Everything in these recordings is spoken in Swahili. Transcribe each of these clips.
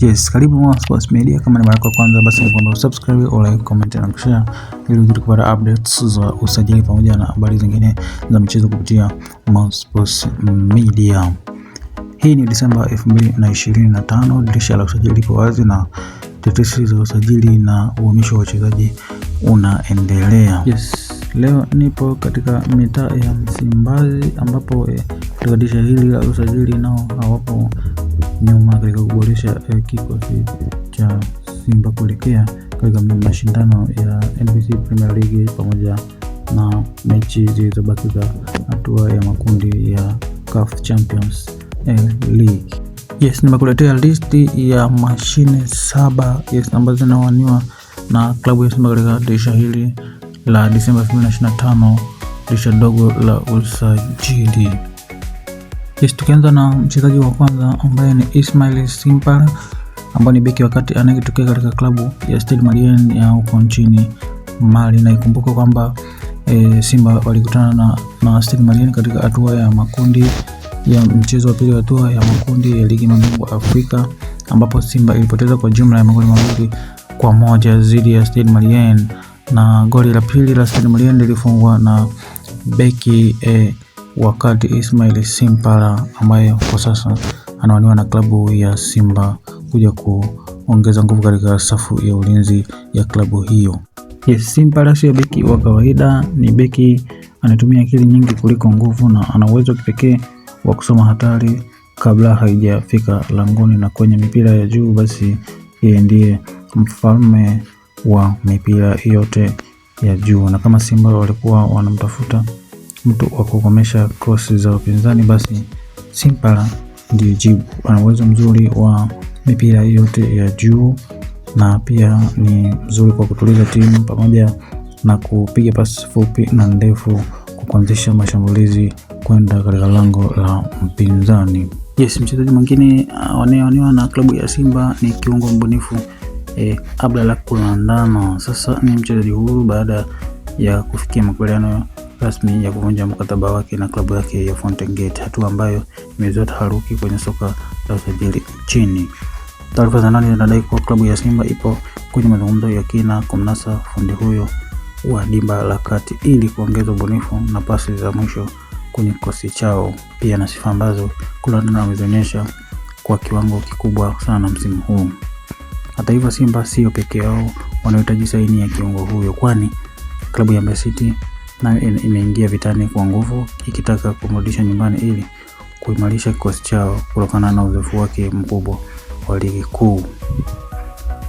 Yes, karibu Mwa Sports Media. Kama ni mara ya kwanza, basi nikuomba usubscribe, like, comment na kushare ili uzidi kupata updates za usajili pamoja na habari zingine za michezo kupitia Mwa Sports Media. Hii ni Disemba 2025, dirisha la usajili lipo wazi na tetesi za usajili na uhamisho wa wachezaji unaendelea. Yes, leo nipo katika mitaa ya Msimbazi ambapo eh, katika dirisha hili la usajili nao hawapo nyuma katika kuboresha eh, kikosi cha Simba kuelekea katika mashindano ya NBC Premier League pamoja na mechi zilizobaki za hatua ya makundi ya CAF Champions eh, League. Yes, nimekuletea listi ya mashine saba yes, ambazo zinawaniwa na klabu ya Simba katika dirisha hili la Disemba 2025, dirisha dogo la usajili. Yes, tukianza na mchezaji wa kwanza ambaye ni Ismail Simpar ambaye ni beki wakati anayetokea katika klabu ya Stade Malien ya huko nchini Mali, na ikumbuka kwamba e, Simba walikutana na, na Stade Malien katika hatua ya makundi ya mchezo wa pili wa hatua ya makundi ya ligi mabingwa Afrika ambapo Simba ilipoteza kwa jumla ya magoli mawili kwa moja dhidi ya Stade Malien, na goli la pili la Stade Malien lilifungwa na beki e, wakati Ismail Simpara ambaye kwa sasa anawaniwa na klabu ya Simba kuja kuongeza nguvu katika safu ya ulinzi ya klabu hiyo. Yes, Simpara sio beki wa kawaida, ni beki anatumia akili nyingi kuliko nguvu na ana uwezo kipekee wa kusoma hatari kabla haijafika langoni, na kwenye mipira ya juu, basi yeye ndiye mfalme wa mipira yote ya juu, na kama Simba walikuwa wanamtafuta mtu wa kukomesha kosi za upinzani, basi Simpala ndiyo jibu. Ana uwezo mzuri wa mipira yote ya juu na pia ni mzuri kwa kutuliza timu pamoja na kupiga pasi fupi na ndefu kwa kuanzisha mashambulizi kwenda katika lango la mpinzani. Yes, mchezaji mwingine ah, anayeonewa na klabu ya Simba ni kiungo mbunifu eh, Abdallah Kulandano. Sasa ni mchezaji huyu baada ya kufikia makubaliano rasmi ya kuvunja mkataba wake na klabu yake ya Fountain Gate, hatua ambayo imezua taharuki kwenye soka la usajili nchini. Taarifa za ndani zinadai kuwa klabu ya Simba ipo kwenye mazungumzo ya kina kumnasa fundi huyo wa dimba la kati ili kuongeza ubunifu na pasi za mwisho kwenye kikosi chao, pia na sifa ambazo Kulandana wamezionyesha kwa kiwango kikubwa sana msimu huu. Hata hivyo, Simba sio peke yao wanaohitaji saini ya kiungo huyo, kwani klabu ya Mbeya City nayo imeingia vitani kwa nguvu ikitaka kumrudisha nyumbani ili kuimarisha kikosi chao kutokana na uzoefu wake mkubwa wa ligi kuu.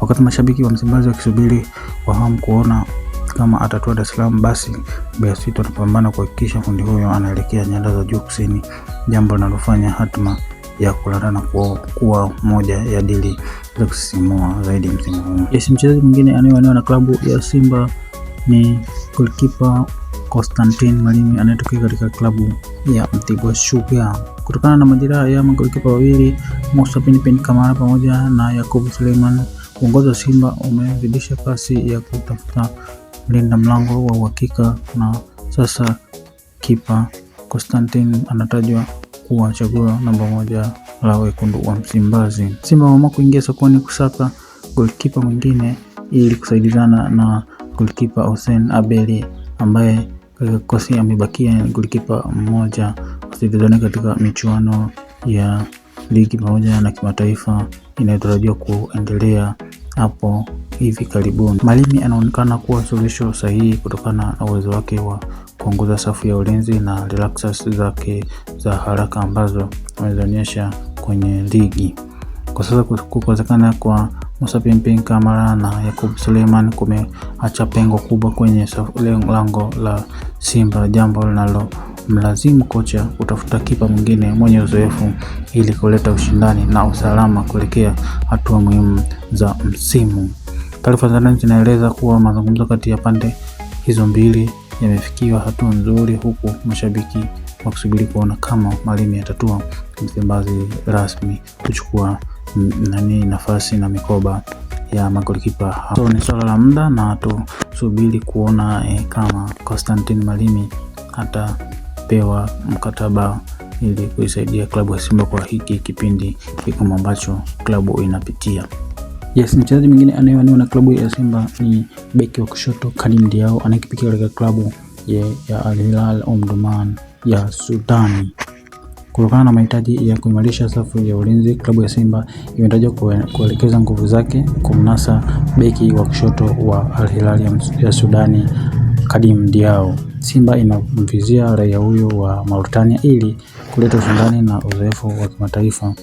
Wakati mashabiki wa Msimbazi wakisubiri kwa hamu kuona kama atatua Dar es Salaam, basi Mbeya City wanapambana kuhakikisha fundi huyo anaelekea nyanda za juu kusini, jambo linalofanya hatima ya kulandana kuwa, kuwa moja ya dili za kusisimua zaidi msimu huu. Yes, mchezaji mwingine anayewania na klabu ya Simba ni golikipa Konstantin Malimi anayetokea katika klabu ya Mtibwa Sugar kutokana na majeraha ya magolikipa wawili Musa Pinpin Kamara pamoja na Yakubu Suleiman. Uongozi wa Simba umezidisha kasi ya kutafuta mlinda mlango wa uhakika na sasa kipa Konstantin anatajwa kuwa chaguo namba moja la wekundu wa Msimbazi. Simba waamua kuingia sokoni kusaka golikipa mwingine ili kusaidizana na golikipa Hussein Abeli ambaye Kosi amebakia ni golikipa mmoja asichezani katika michuano ya ligi pamoja na kimataifa inayotarajiwa kuendelea hapo hivi karibuni. Malimi anaonekana kuwa suluhisho sahihi kutokana na uwezo wake wa kuongoza safu ya ulinzi na relaxers zake za haraka ambazo amezionyesha kwenye ligi. Kwa sasa kukosekana kwa Masapimpin Camara na Yakub Suleiman kumeacha pengo kubwa kwenye lango la Simba, jambo linalomlazimu kocha kutafuta kipa mwingine mwenye uzoefu ili kuleta ushindani na usalama kuelekea hatua muhimu za msimu. Taarifa za ndani zinaeleza kuwa mazungumzo kati ya pande hizo mbili yamefikiwa hatua nzuri, huku mashabiki wakisubiri kuona kama Malimi yatatua Msimbazi rasmi kuchukua nani nafasi na mikoba ya magolikipa. So ni swala la muda na tusubiri kuona eh, kama Constantine Malimi atapewa mkataba ili kuisaidia klabu ya Simba kwa hiki kipindi kigumu ambacho klabu inapitia. Yes, mchezaji mwingine anayewaniwa na klabu ya Simba ni beki wa kushoto Kadim Diao anayekipikia katika klabu ya Al Hilal Omdurman ya Sudani. Kutokana na mahitaji ya kuimarisha safu ya ulinzi, klabu ya Simba imetajwa kuelekeza nguvu zake kumnasa beki wa kushoto wa Al Hilal ya Sudani, Kadim Diao. Simba inamvizia raia huyo wa Mauritania ili kuleta ushindani na uzoefu wa kimataifa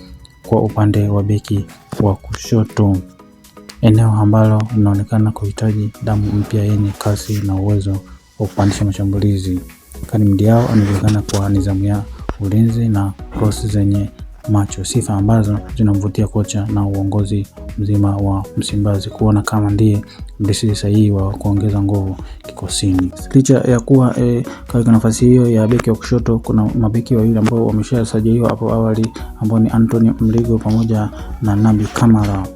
kwa upande wa beki wa kushoto, eneo ambalo linaonekana kuhitaji damu mpya yenye kasi na uwezo wa kupandisha mashambulizi. Khadim Diaw anajulikana kwa nidhamu ya ulinzi na krosi zenye macho, sifa ambazo zinamvutia kocha na uongozi mzima wa Msimbazi kuona kama ndiye mdisiri sahihi wa kuongeza nguvu kikosini. Licha ya kuwa e, katika nafasi hiyo ya beki wa kushoto kuna mabeki wawili ambao wameshasajiliwa hapo awali ambao ni Anthony Mligo pamoja na Nabi Kamara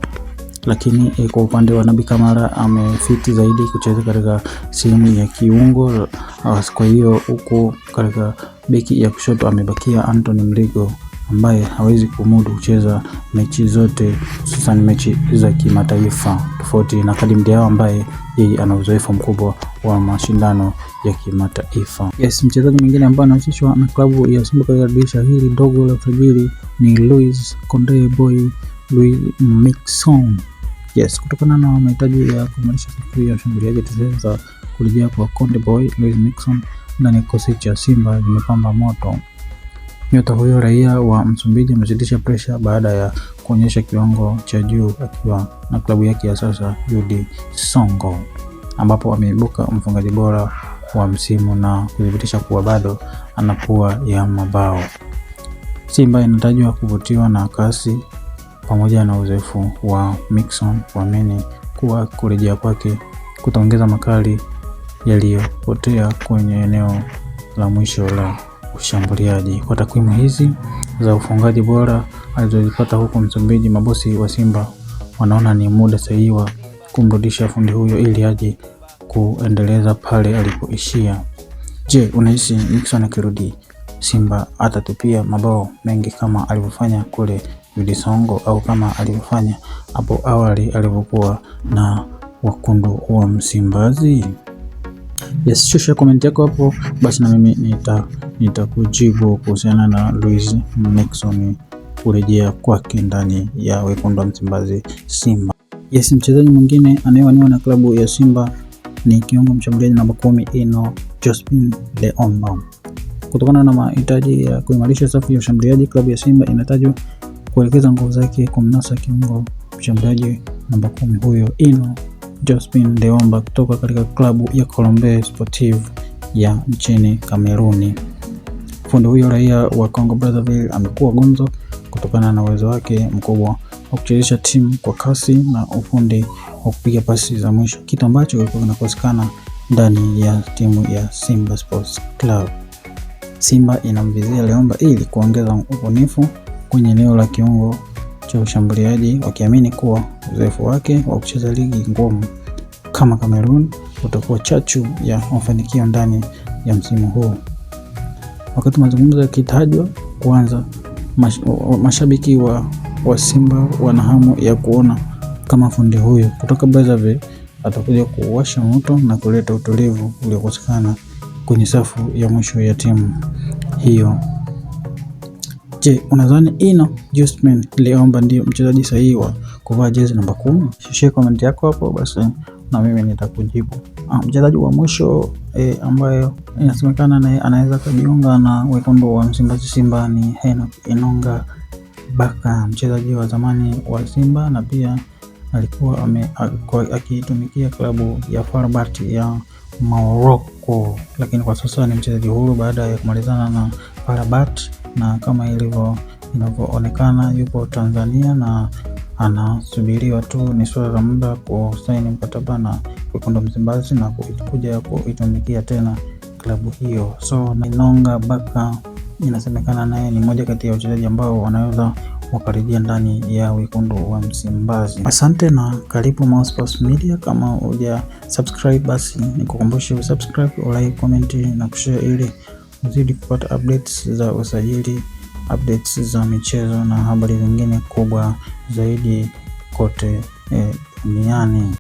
lakini eh, kwa upande wa Nabi Kamara amefiti zaidi kucheza katika sehemu ya kiungo. Kwa hiyo huko katika Beki ya kushoto amebakia Anthony Mligo ambaye hawezi kumudu kucheza mechi zote hususan mechi za kimataifa, tofauti na Kadim Diaw ambaye yeye ana uzoefu mkubwa wa mashindano ya kimataifa. Yes, mchezaji mwingine ambaye anahusishwa na klabu ya Simba katika dirisha hili dogo la usajili ni Luis Conde Boy Luis Mixon. Yes, kutokana na mahitaji ya kuimarisha safu ya washambuliaji, tutaweza kurejea kwa Conde Boy Luis Mixon na kikosi cha Simba vimepamba moto. Nyota huyo raia wa Msumbiji amezidisha presha baada ya kuonyesha kiwango cha juu akiwa na klabu yake ya sasa Judi Songo, ambapo ameibuka mfungaji bora wa msimu na kuthibitisha kuwa bado ana pua ya mabao. Simba inatajwa kuvutiwa na kasi pamoja na uzoefu wa Mixon, kuamini kuwa kurejea kwake kutaongeza makali yaliyopotea kwenye eneo la mwisho la ushambuliaji. Kwa takwimu hizi za ufungaji bora alizozipata huko Msumbiji, mabosi wa Simba wanaona ni muda sahihi wa kumrudisha fundi huyo ili aje kuendeleza pale alipoishia. Je, unahisi Nixon akirudi Simba atatupia mabao mengi kama alivyofanya kule Vilisongo au kama alivyofanya hapo awali alivyokuwa na wakundu wa Msimbazi? yes, shusha comment yako hapo basi, na mimi nitakujibu kuhusiana na Luis Nixon kurejea kwake ndani ya wekundu wa Msimbazi Simba. Yes, mchezaji mwingine anayewaniwa na klabu ya Simba ni kiungo mshambuliaji namba kumi Eno Jospin Leomba. Kutokana na mahitaji ya kuimarisha safu ya ushambuliaji, klabu ya Simba inatajwa kuelekeza nguvu zake kumnasa kiungo mshambuliaji namba kumi huyo Ino Jospin Deomba kutoka katika klabu ya Colombe Sportive ya nchini Kameruni. Fundi huyo raia wa Congo Brazzaville amekuwa gumzo kutokana na uwezo wake mkubwa wa kuchezesha timu kwa kasi na ufundi wa kupiga pasi za mwisho, kitu ambacho kilikuwa kinakosekana ndani ya timu ya Simba Sports Club. Simba inamvizia Leomba ili kuongeza ubunifu kwenye eneo la kiungo cha ushambuliaji wakiamini kuwa uzoefu wake wa kucheza ligi ngumu kama Cameroon utakuwa chachu ya mafanikio ndani ya msimu huu. Wakati mazungumzo yakitajwa kuanza, mash, mashabiki wa, wa Simba wana hamu ya kuona kama fundi huyu kutoka Brazzaville atakuja kuwasha moto na kuleta utulivu uliokosekana kwenye safu ya mwisho ya timu hiyo. Je, unadhani Ino Justman Liomba ndio mchezaji sahihi wa kuvaa jezi namba kumi? Shishie komenti yako hapo basi na mimi nitakujibu. Ah, mchezaji wa mwisho e, eh, ambayo inasemekana naye anaweza kujiunga na wekundu wa Msimbazi Simba ni Henok Inonga Baka, mchezaji wa zamani wa Simba na pia alikuwa akiitumikia klabu ya FAR Rabat ya Morocco, lakini kwa sasa ni mchezaji huru baada ya kumalizana na FAR Rabat na kama ilivyo inavyoonekana yupo Tanzania na anasubiriwa tu, ni suala la muda kusaini mkataba na Wekundu Msimbazi na kuja kuitumikia tena klabu hiyo. So Ninonga Baka inasemekana naye ni moja kati ya wachezaji ambao wanaweza wakarejea ndani ya Wekundu wa Msimbazi. Asante na karibu Mouse Media. Kama uja subscribe, basi nikukumbushe usubscribe, like, comment na kushare ili Zidi kupata updates za usajili, updates za michezo na habari zingine kubwa zaidi kote eh, duniani.